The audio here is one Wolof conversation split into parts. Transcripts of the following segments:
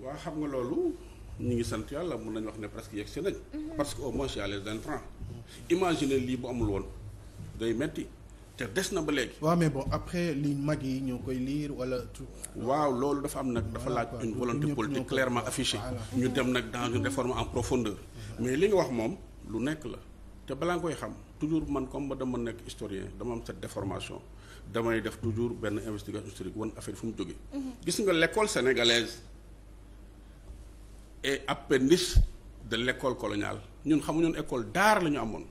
waa xam nga loolu ñu ngi sant yàlla mun nañu wax ne presque yegg si nañ. Mhm. parce que au moins y a les intrants. imagine lii bu amul woon day metti te des na ba léegi. waaw mais bon après li mag yi ñoo koy lire wala. waaw loolu dafa am nag dafa laaj une volonté politique clairement affichée. ñu dem nag dans une réforme en profondeur. mais li nga wax moom lu nekk la te balaa nga koy xam toujours man comme ba dama nekk historien dama am cette déformation damay def toujours benn investigation historique wan affaire fu mu jógee. Mhm. gis nga l'école sénégalaise. et appendice de l'école coloniale ñun xamuñoon école daar la ñu amoon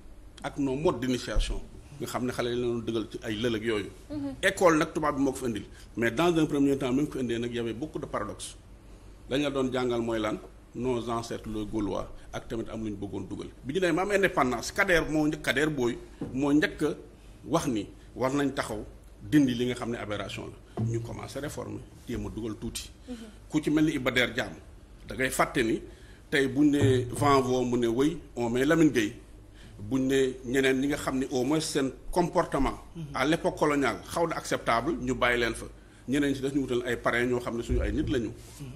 ak nos modes d'initiation nga xam ne xale yi lañu dëggal ci ay lëlëg yooyu mm-hmm. école nag tubaab bi moo ko fi indil mais dans un premier temps même ko indee nag y avait beaucoup de paradoxes lañ la doon jàngal mooy lan nos ancêtres les Gaulois ak tamit am lu ñu bëggoon dugal bi ñu nee ma am indépendance Kader moo njëkk Kader booy moo njëkk wax ni war nañ taxaw dindi li nga xam ne aberration la ñu commencé réformer jéem a dugal tuuti mm-hmm. ku ci mel ni Iba Der da ngay fàtte ni tey buñ ne Vanvo mu ne wëy on met Lamine Gueye buñ ne ñeneen ñi nga xam ne au moins seen comportement à l'époque coloniale xaw na acceptable ñu bàyyi leen fa ñeneen si daf ñu ay parrain ñoo xam ne suñu ay nit lañu.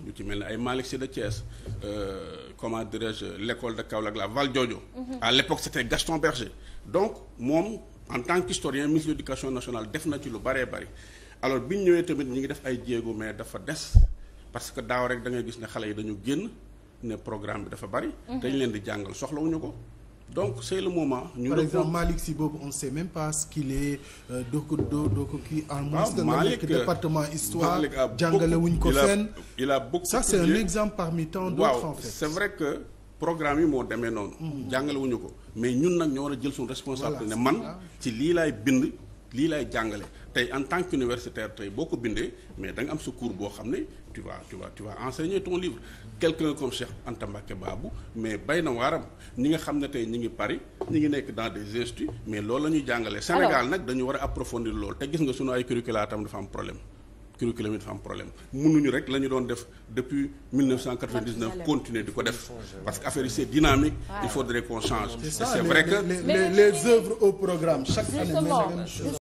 ñu ci mel ni ay Malick Sy de Thiès euh, comment dirais-je l'école de Kaolack la Val Diodio mhm. à l'époque c'était Gaston Berger donc moom en tant qu'historien ministre de l'éducation nationale def na ci lu baree bari alors biñ ñëwee tamit ñi ngi def ay jéego mais dafa des parce que daaw rek da ngay gis ne xale yi dañu génn ne programme bi dafa bari. Mhm. dañ leen di jàngal soxlawuñu ko. donc c'est le moment. ñu par exemple Malick Sy boobu on sait même pas ko kii. en moins nekk département histoire jàngale wuñ ko fenn. il a beaucoup ça c'est un exemple parmi tant d'autres en fait. c'est vrai que programme yi moo demee noonu. Mhm. jàngalewuñu ko mais ñun nag ñoo war a jël suñu responsabilité ne man ci lii laay bind lii laay jàngale. tey en tant que qu'universitaire tey boo ko bindee mais da nga am sa boo xam ne tu vas tu vas tu vas enseigner ton livre quelqu'un comme Cheikh Anta Mbacké mais bay na waaram ñi nga xam ne tey ñi ngi Paris ñi ngi nekk dans des instituts mais loolu la ñuy jàngale Sénégal nag dañu war a approfondir loolu te gis nga sunu ay curricula tam dafa am problème curriculum yi dafa am problème mënuñu rek la ñu doon def depuis 1999 continuer di ko def parce que affaire yi c'est dynamique il faudrait qu'on change c'est vrai que les les œuvres au programme chaque année